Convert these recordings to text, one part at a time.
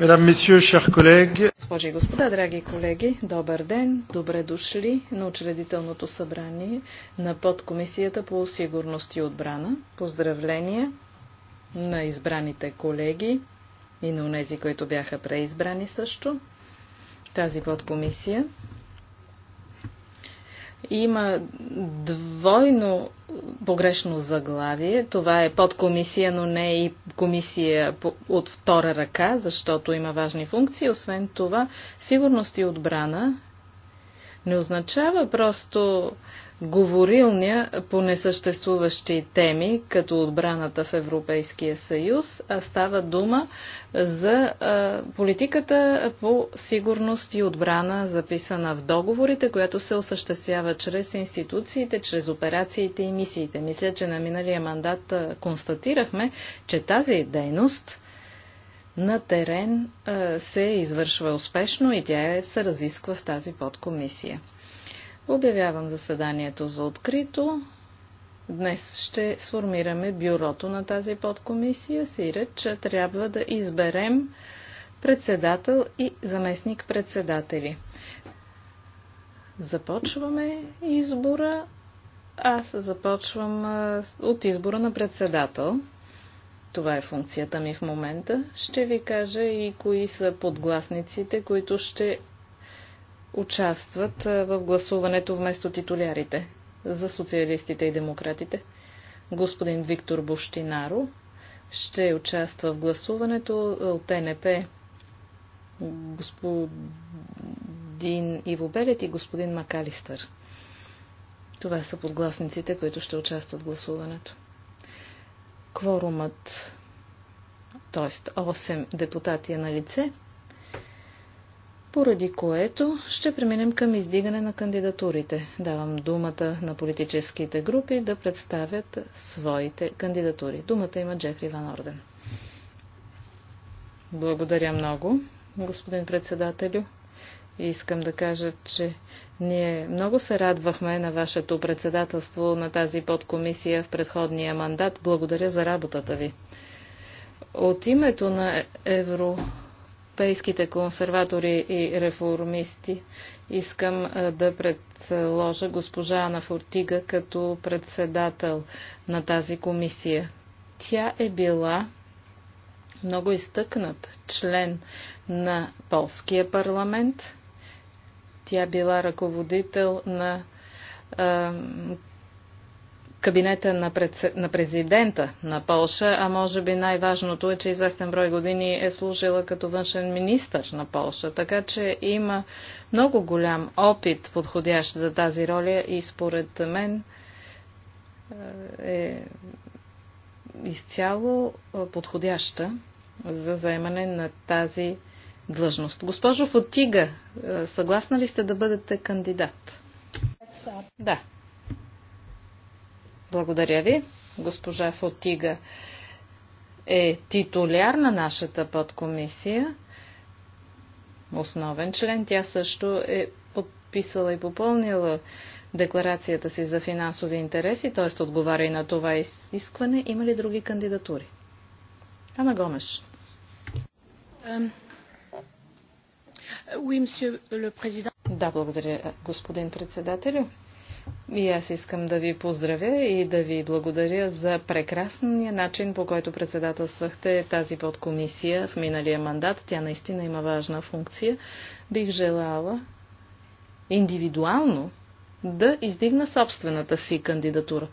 Госпожи и господа, драги колеги, добър ден, добре дошли на учредителното събрание на подкомисията по сигурност и отбрана. Поздравления на избраните колеги и на унези, които бяха преизбрани също. Тази подкомисия има двойно погрешно заглавие. Това е подкомисия, но не и комисия от втора ръка, защото има важни функции. Освен това, сигурност и отбрана не означава просто говорилня по несъществуващи теми, като отбраната в Европейския съюз, а става дума за политиката по сигурност и отбрана, записана в договорите, която се осъществява чрез институциите, чрез операциите и мисиите. Мисля, че на миналия мандат констатирахме, че тази дейност на терен се извършва успешно и тя се разисква в тази подкомисия. Обявявам заседанието за открито. Днес ще сформираме бюрото на тази подкомисия. Сиреч, трябва да изберем председател и заместник-председатели. Започваме избора. Аз започвам от избора на председател. Това е функцията ми в момента. Ще ви кажа и кои са подгласниците, които ще участват в гласуването вместо титулярите за социалистите и демократите. Господин Виктор Буштинаро ще участва в гласуването от НП господин Иво Белет и господин Макалистър. Това са подгласниците, които ще участват в гласуването. Кворумът, т.е. 8 депутати е на лице, поради което ще преминем към издигане на кандидатурите. Давам думата на политическите групи да представят своите кандидатури. Думата има Джефри Ван Орден. Благодаря много, господин председателю. И искам да кажа, че ние много се радвахме на вашето председателство на тази подкомисия в предходния мандат. Благодаря за работата ви. От името на европейските консерватори и реформисти искам да предложа госпожа Ана Фортига като председател на тази комисия. Тя е била много изтъкнат член на полския парламент – тя била ръководител на а, кабинета на, на президента на Полша, а може би най-важното е, че известен брой години е служила като външен министр на Полша, така че има много голям опит, подходящ за тази роля и според мен е, е изцяло подходяща за заемане на тази длъжност. Госпожо Фотига, е, съгласна ли сте да бъдете кандидат? Да. Благодаря ви. Госпожа Фотига е титуляр на нашата подкомисия. Основен член. Тя също е подписала и попълнила декларацията си за финансови интереси, т.е. отговаря и на това изискване. Има ли други кандидатури? Ана Гомеш. Да, благодаря, господин председателю. И аз искам да ви поздравя и да ви благодаря за прекрасния начин, по който председателствахте тази подкомисия в миналия мандат. Тя наистина има важна функция. Бих желала индивидуално да издигна собствената си кандидатура.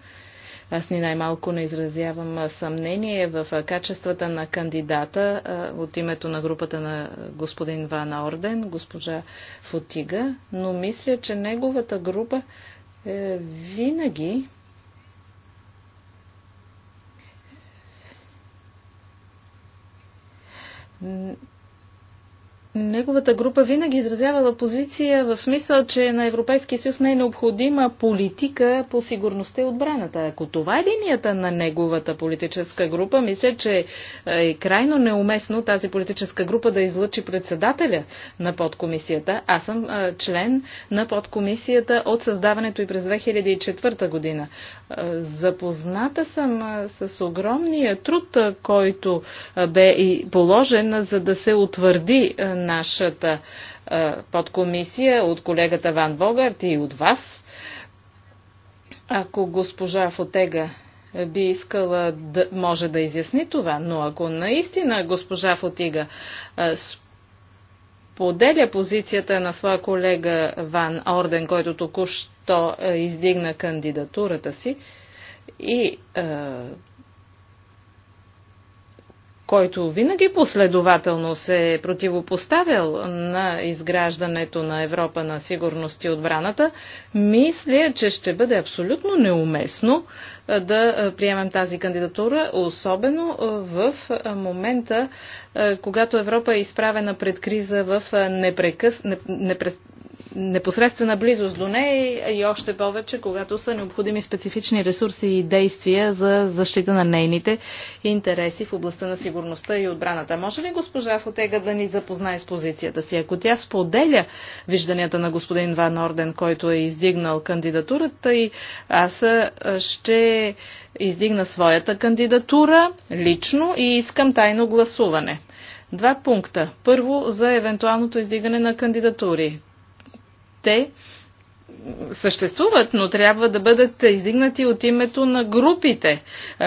Аз ни най-малко не изразявам съмнение в качествата на кандидата от името на групата на господин Ван Орден, госпожа Фотига, но мисля, че неговата група е, винаги неговата група винаги изразявала позиция в смисъл, че на Европейския съюз не е необходима политика по сигурността и отбраната. Ако това е линията на неговата политическа група, мисля, че е, е крайно неуместно тази политическа група да излъчи председателя на подкомисията. Аз съм е, член на подкомисията от създаването и през 2004 година. Е, запозната съм с огромния труд, който бе и положен, за да се утвърди нашата подкомисия от колегата Ван Богарт и от вас. Ако госпожа Фотега би искала да може да изясни това, но ако наистина госпожа Фотига поделя позицията на своя колега Ван Орден, който току-що издигна кандидатурата си и който винаги последователно се е противопоставял на изграждането на Европа на сигурност и отбраната, мисля, че ще бъде абсолютно неуместно да приемем тази кандидатура, особено в момента, когато Европа е изправена пред криза в непрекъс... непрес непосредствена близост до нея и още повече, когато са необходими специфични ресурси и действия за защита на нейните интереси в областта на сигурността и отбраната. Може ли госпожа Фотега да ни запознае с позицията си? Ако тя споделя вижданията на господин Ван Орден, който е издигнал кандидатурата и аз ще издигна своята кандидатура лично и искам тайно гласуване. Два пункта. Първо, за евентуалното издигане на кандидатури те съществуват, но трябва да бъдат издигнати от името на групите.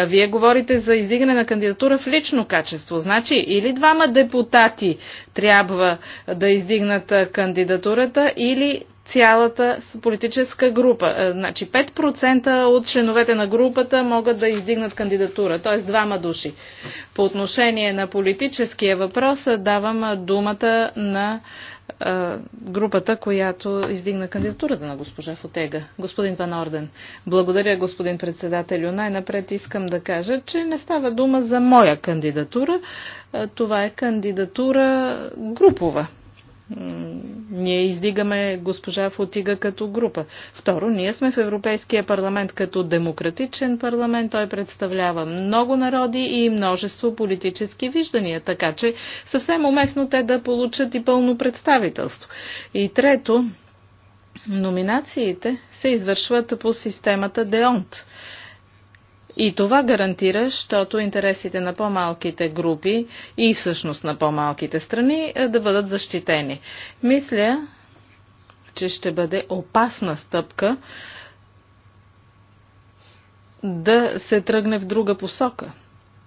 Вие говорите за издигане на кандидатура в лично качество. Значи или двама депутати трябва да издигнат кандидатурата, или цялата политическа група. Е, значи 5% от членовете на групата могат да издигнат кандидатура, т.е. двама души. По отношение на политическия въпрос е, давам е, думата на групата, която издигна кандидатурата на госпожа Фотега. Господин Ван Орден, благодаря господин председателю. Най-напред искам да кажа, че не става дума за моя кандидатура. Това е кандидатура групова ние издигаме госпожа Фотига като група. Второ, ние сме в Европейския парламент като демократичен парламент. Той представлява много народи и множество политически виждания, така че съвсем уместно те да получат и пълно представителство. И трето, номинациите се извършват по системата ДЕОНТ. И това гарантира, защото интересите на по-малките групи и всъщност на по-малките страни е, да бъдат защитени. Мисля, че ще бъде опасна стъпка да се тръгне в друга посока.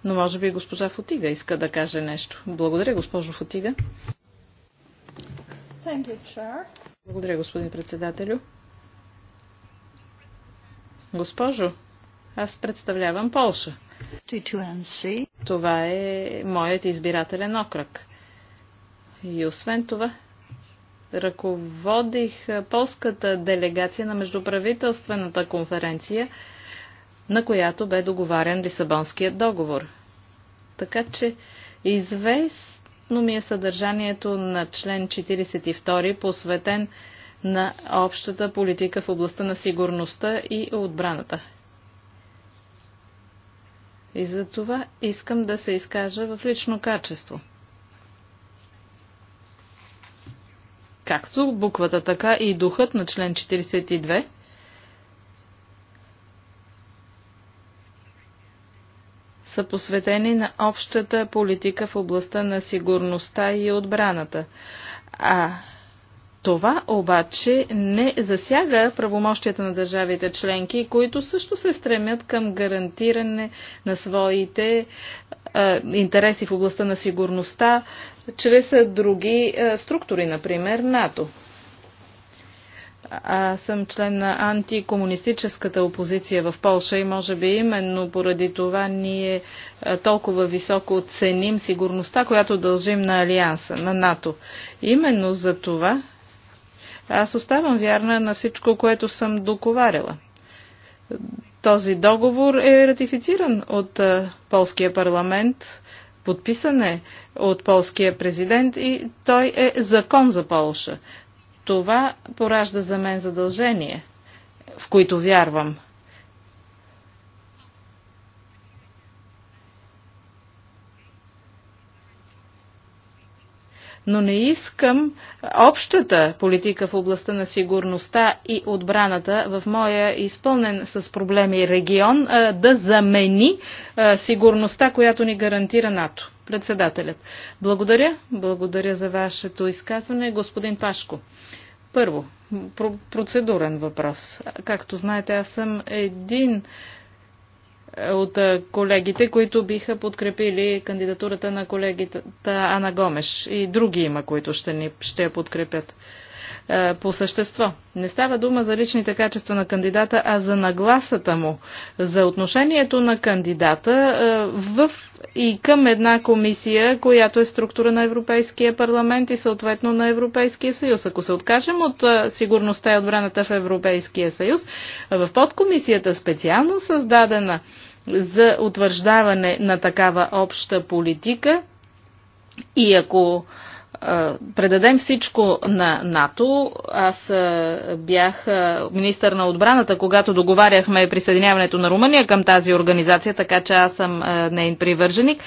Но може би госпожа Фотига иска да каже нещо. Благодаря, госпожо Фотига. Благодаря, господин председателю. Госпожо, аз представлявам Полша. Това е моят избирателен окръг. И освен това, ръководих полската делегация на Междуправителствената конференция, на която бе договарен Лисабонският договор. Така че известно ми е съдържанието на член 42, посветен на общата политика в областта на сигурността и отбраната. И за това искам да се изкажа в лично качество. Както буквата, така и духът на член 42 са посветени на общата политика в областта на сигурността и отбраната. А това обаче не засяга правомощията на държавите членки, които също се стремят към гарантиране на своите а, интереси в областта на сигурността чрез други а, структури, например НАТО. Аз съм член на антикомунистическата опозиция в Полша и може би именно поради това ние толкова високо ценим сигурността, която дължим на Алианса, на НАТО. Именно за това аз оставам вярна на всичко, което съм договаряла. Този договор е ратифициран от полския парламент, подписан е от полския президент и той е закон за Полша. Това поражда за мен задължение, в които вярвам – но не искам общата политика в областта на сигурността и отбраната в моя изпълнен с проблеми регион да замени сигурността, която ни гарантира НАТО. Председателят. Благодаря. Благодаря за вашето изказване. Господин Пашко. Първо, процедурен въпрос. Както знаете, аз съм един от е, колегите, които биха подкрепили кандидатурата на колегата Ана Гомеш. И други има, които ще, ни, ще я подкрепят е, по същество. Не става дума за личните качества на кандидата, а за нагласата му, за отношението на кандидата е, в и към една комисия, която е структура на Европейския парламент и съответно на Европейския съюз. Ако се откажем от е, сигурността и отбраната в Европейския съюз, в подкомисията специално създадена за утвърждаване на такава обща политика и ако предадем всичко на НАТО. Аз бях министър на отбраната, когато договаряхме присъединяването на Румъния към тази организация, така че аз съм нейн привърженик.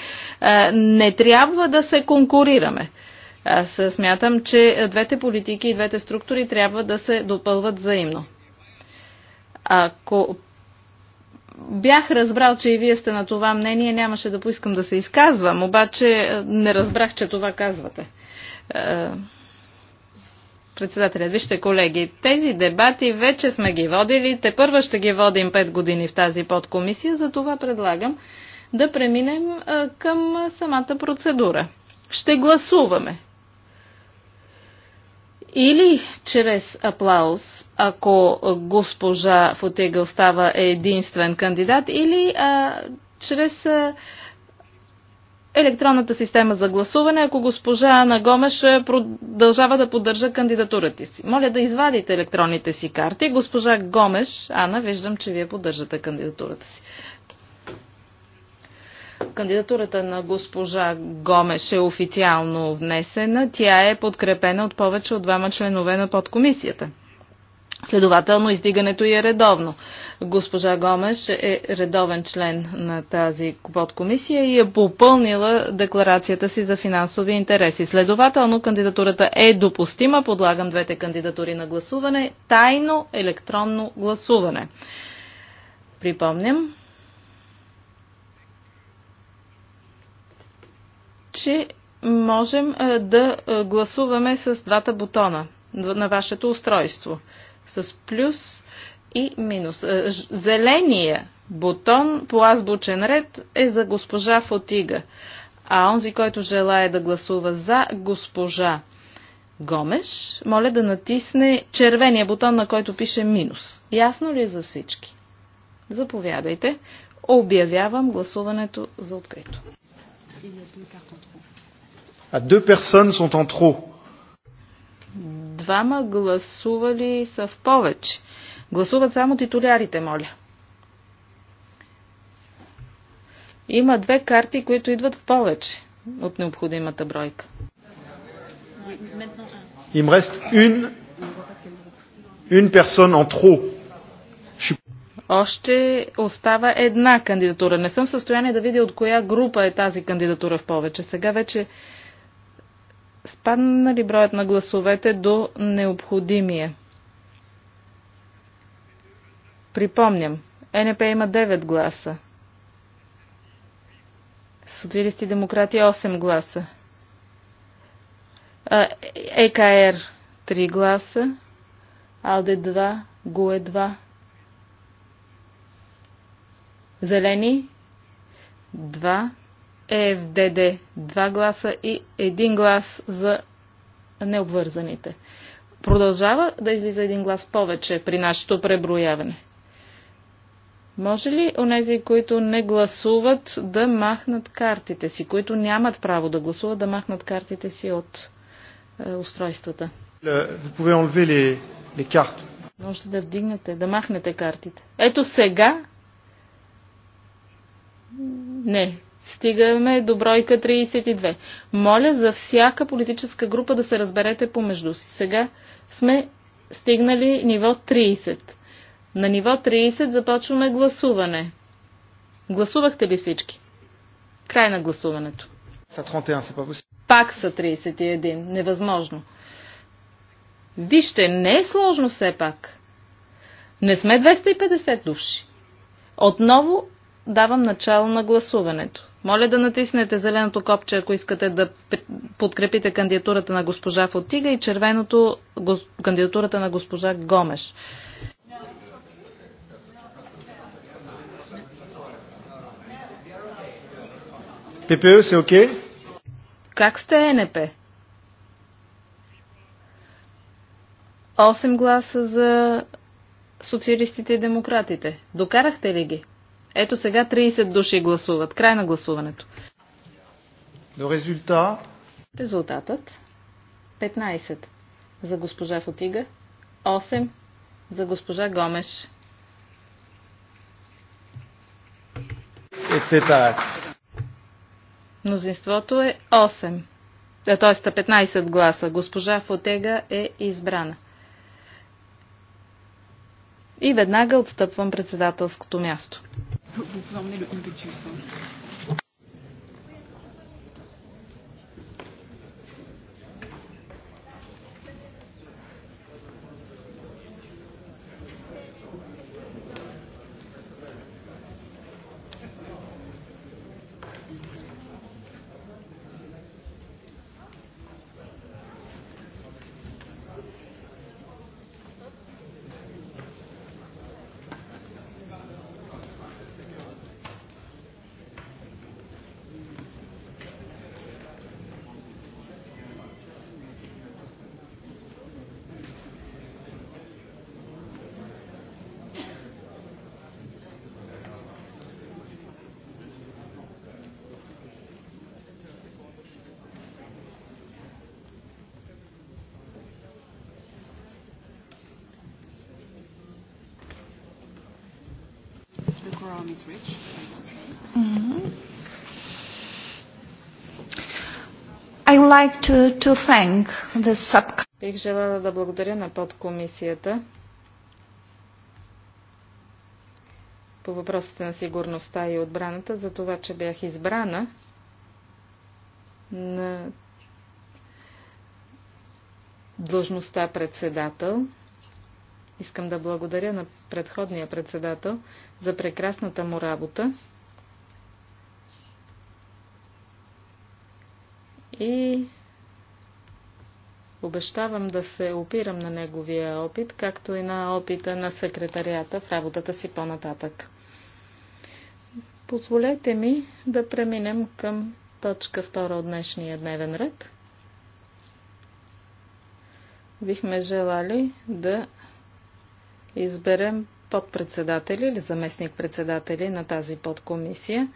Не трябва да се конкурираме. Аз смятам, че двете политики и двете структури трябва да се допълват взаимно. Ако бях разбрал, че и вие сте на това мнение, нямаше да поискам да се изказвам, обаче не разбрах, че това казвате. Е, председателят, вижте колеги, тези дебати вече сме ги водили, те първа ще ги водим 5 години в тази подкомисия, за това предлагам да преминем е, към самата процедура. Ще гласуваме. Или чрез аплауз, ако госпожа Фотега остава единствен кандидат, или а, чрез а, електронната система за гласуване, ако госпожа Ана Гомеш е, продължава да поддържа кандидатурата си. Моля да извадите електронните си карти. Госпожа Гомеш, Ана, виждам, че вие поддържате кандидатурата си. Кандидатурата на госпожа Гомеш е официално внесена. Тя е подкрепена от повече от двама членове на подкомисията. Следователно, издигането й е редовно. Госпожа Гомеш е редовен член на тази подкомисия и е попълнила декларацията си за финансови интереси. Следователно, кандидатурата е допустима. Подлагам двете кандидатури на гласуване. Тайно електронно гласуване. Припомням, че можем е, да е, гласуваме с двата бутона на вашето устройство с плюс и минус. Е, зеления бутон по азбучен ред е за госпожа Фотига, а онзи, който желая да гласува за госпожа Гомеш, моля да натисне червения бутон, на който пише минус. Ясно ли е за всички? Заповядайте. Обявявам гласуването за открито. А две персони са в trop двама гласували са в повече. Гласуват само титулярите, моля. Има две карти, които идват в повече от необходимата бройка. Им рест une, une personne en trop. Още остава една кандидатура. Не съм в състояние да видя от коя група е тази кандидатура в повече. Сега вече спадна ли броят на гласовете до необходимия? Припомням, НП има 9 гласа. Социалисти демократи 8 гласа. ЕКР 3 гласа. АЛДЕ 2, ГУЕ 2. Зелени 2. ЕФДД 2 гласа и 1 глас за необвързаните. Продължава да излиза един глас повече при нашето преброяване. Може ли онези, които не гласуват, да махнат картите си, които нямат право да гласуват, да махнат картите си от е, устройствата? Е, Можете да вдигнете, да махнете картите. Ето сега. Не, стигаме до бройка 32. Моля за всяка политическа група да се разберете помежду си. Сега сме стигнали ниво 30. На ниво 30 започваме гласуване. Гласувахте ли всички? Край на гласуването. Пак са 31. Невъзможно. Вижте, не е сложно все пак. Не сме 250 души. Отново давам начало на гласуването. Моля да натиснете зеленото копче, ако искате да подкрепите кандидатурата на госпожа Фотига и червеното кандидатурата на госпожа Гомеш. ППО си е окей? Как сте НП? 8 гласа за социалистите и демократите. Докарахте ли ги? Ето сега 30 души гласуват. Край на гласуването. Резултатът 15 за госпожа Фотига, 8 за госпожа Гомеш. Е, Мнозинството е 8, т.е. 15 гласа. Госпожа Фотега е избрана. И веднага отстъпвам председателското място. Vous pouvez emmener le impetus. Hein. is so it's okay. Mm-hmm. I would like to, to thank the sub... Бих желала да благодаря на подкомисията по въпросите на сигурността и отбраната за това, че бях избрана на длъжността председател Искам да благодаря на предходния председател за прекрасната му работа. И обещавам да се опирам на неговия опит, както и на опита на секретарията в работата си по-нататък. Позволете ми да преминем към точка втора от днешния дневен ред. Бихме желали да изберем подпредседатели или заместник-председатели на тази подкомисия.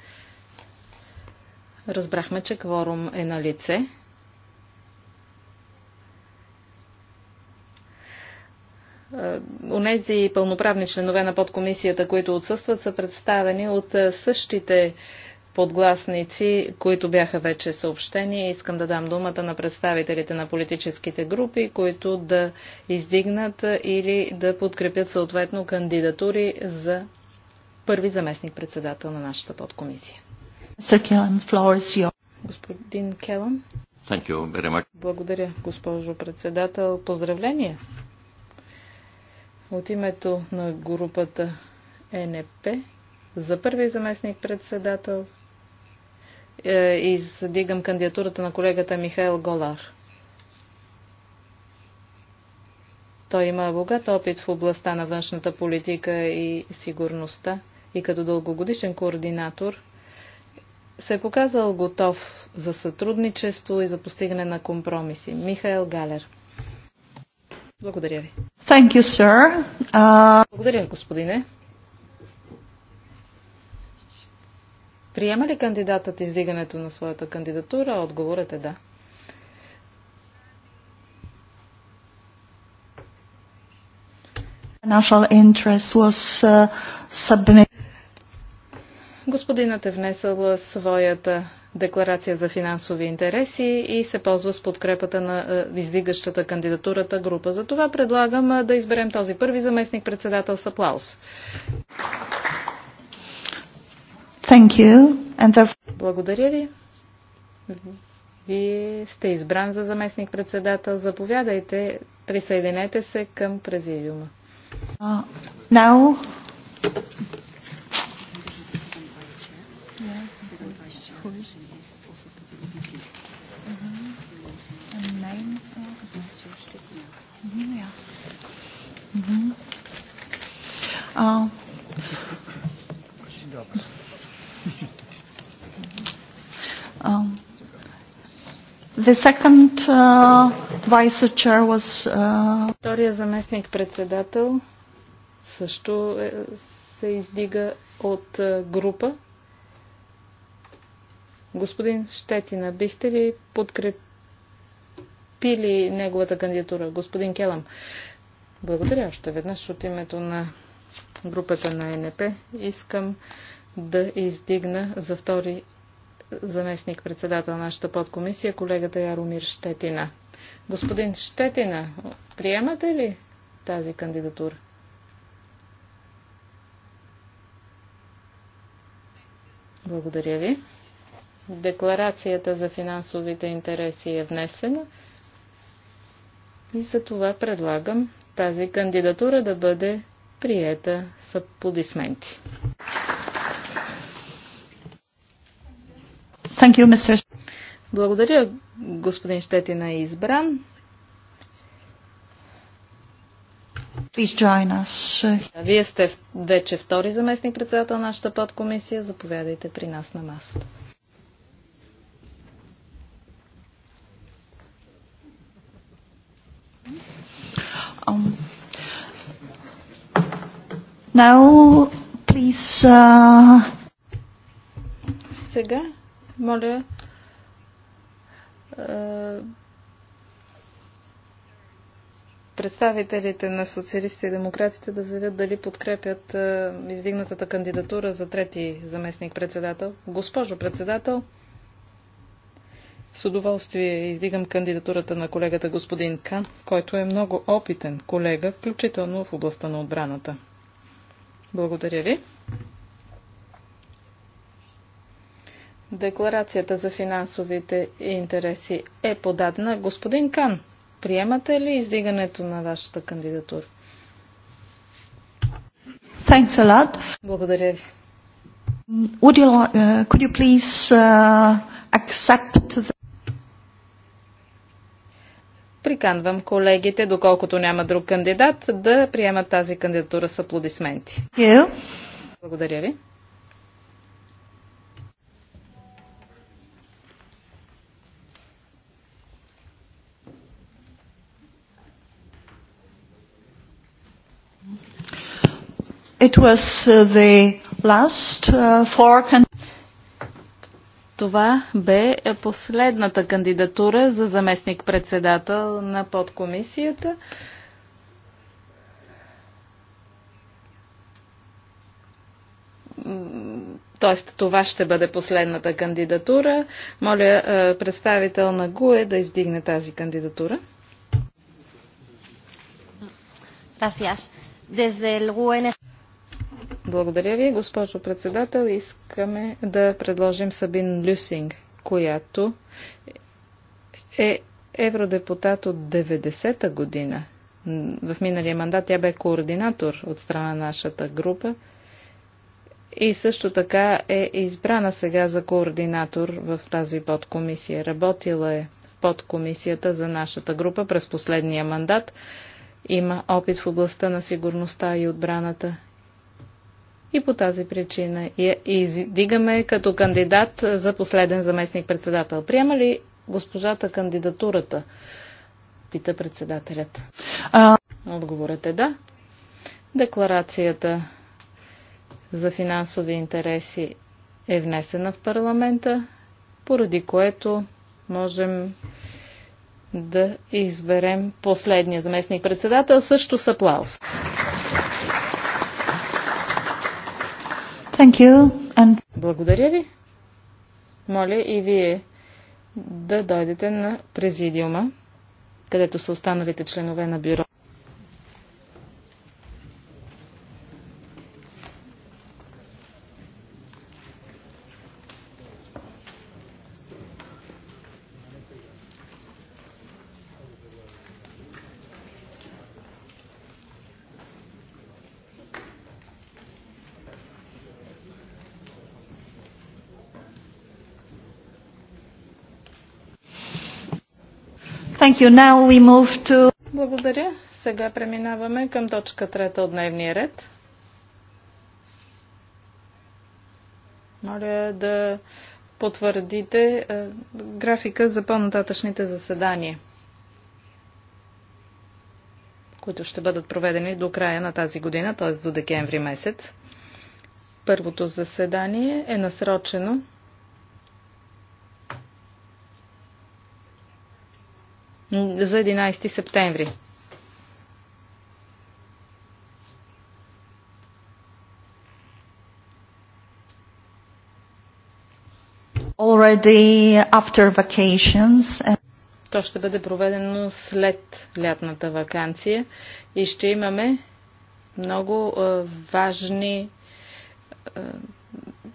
Разбрахме, че кворум е на лице. Онези пълноправни членове на подкомисията, които отсъстват, са представени от същите подгласници, които бяха вече съобщени. Искам да дам думата на представителите на политическите групи, които да издигнат или да подкрепят съответно кандидатури за първи заместник председател на нашата подкомисия. Господин Келъм. Благодаря, госпожо председател. Поздравление! От името на групата НП за първи заместник председател е, издигам кандидатурата на колегата Михаил Голар. Той има богат опит в областта на външната политика и сигурността и като дългогодишен координатор се е показал готов за сътрудничество и за постигане на компромиси. Михаил Галер. Благодаря ви. Thank you, sir. Uh... Благодаря, господине. Приема ли кандидатът издигането на своята кандидатура? Отговорът е да. Uh, Господинът е внесъл своята декларация за финансови интереси и се ползва с подкрепата на е, издигащата кандидатурата група. За това предлагам е, да изберем този първи заместник председател Саплаус. аплаус. The... Благодаря ви. Вие сте избран за заместник-председател. Заповядайте, присъединете се към президиума. Uh, now... Uh, The second uh, vice chair was... Uh, Втория заместник председател също е, се издига от е, група. Господин Щетина, бихте ли подкрепили неговата кандидатура? Господин Келам, благодаря още веднъж от името на групата на НП. Искам да издигна за втори заместник председател на нашата подкомисия, колегата Яромир Щетина. Господин Щетина, приемате ли тази кандидатура? Благодаря ви. Декларацията за финансовите интереси е внесена и за това предлагам тази кандидатура да бъде приета с аплодисменти. You, Благодаря, господин Щетина е избран. Вие сте вече втори заместник председател на нашата подкомисия. Заповядайте при нас на масата. Um, now, please, uh... Сега моля. Е, представителите на социалистите и демократите да заявят дали подкрепят е, издигнатата кандидатура за трети заместник председател. Госпожо председател, с удоволствие издигам кандидатурата на колегата господин Кан, който е много опитен колега, включително в областта на отбраната. Благодаря ви. Декларацията за финансовите интереси е подадена. Господин Кан, приемате ли издигането на вашата кандидатура? Thanks a lot. Благодаря ви. Would you, uh, could you please uh, accept the... Приканвам колегите, доколкото няма друг кандидат, да приемат тази кандидатура с аплодисменти. You. Благодаря ви. It was uh, the last uh, four Това бе последната кандидатура за заместник-председател на подкомисията. Тоест, това ще бъде последната кандидатура. Моля е, представител на ГУЕ да издигне тази кандидатура. Gracias. Desde el UN e благодаря ви, госпожо председател. Искаме да предложим Сабин Люсинг, която е евродепутат от 90-та година. В миналия мандат тя бе координатор от страна на нашата група и също така е избрана сега за координатор в тази подкомисия. Работила е в подкомисията за нашата група през последния мандат. Има опит в областта на сигурността и отбраната и по тази причина я издигаме като кандидат за последен заместник председател. Приема ли госпожата кандидатурата? Пита председателят. А... Отговорът е да. Декларацията за финансови интереси е внесена в парламента, поради което можем да изберем последния заместник председател също с аплауз. And... Благодаря ви. Моля и вие да дойдете на президиума, където са останалите членове на бюро. Thank you. Now we move to... Благодаря. Сега преминаваме към точка трета от дневния ред. Моля да потвърдите е, графика за по-нататъчните заседания, които ще бъдат проведени до края на тази година, т.е. до декември месец. Първото заседание е насрочено за 11 септември. already after vacations. То ще бъде проведено след лятната вакансия и ще имаме много uh, важни uh,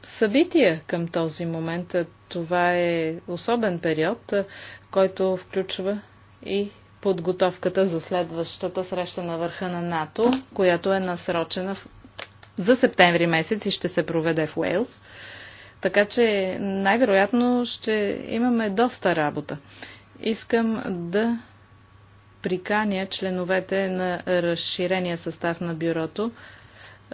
събития към този момент. Това е особен период, който включва и подготовката за следващата среща на върха на НАТО, която е насрочена за септември месец и ще се проведе в Уейлс. Така че най-вероятно ще имаме доста работа. Искам да приканя членовете на разширения състав на бюрото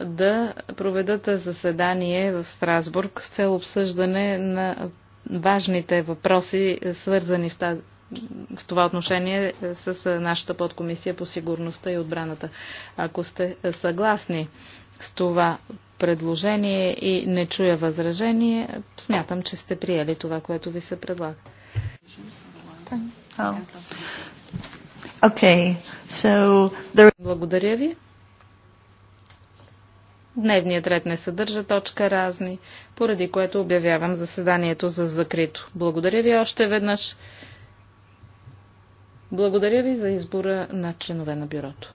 да проведат заседание в Страсбург с цел обсъждане на важните въпроси, свързани в тази, в това отношение е, с е, нашата подкомисия по сигурността и отбраната. Ако сте е, съгласни с това предложение и не чуя възражение, смятам, че сте приели това, което ви се предлага. Oh. Okay. So, there... Благодаря ви. Дневният ред не съдържа точка разни, поради което обявявам заседанието за закрито. Благодаря ви още веднъж. Благодаря ви за избора на членове на бюрото.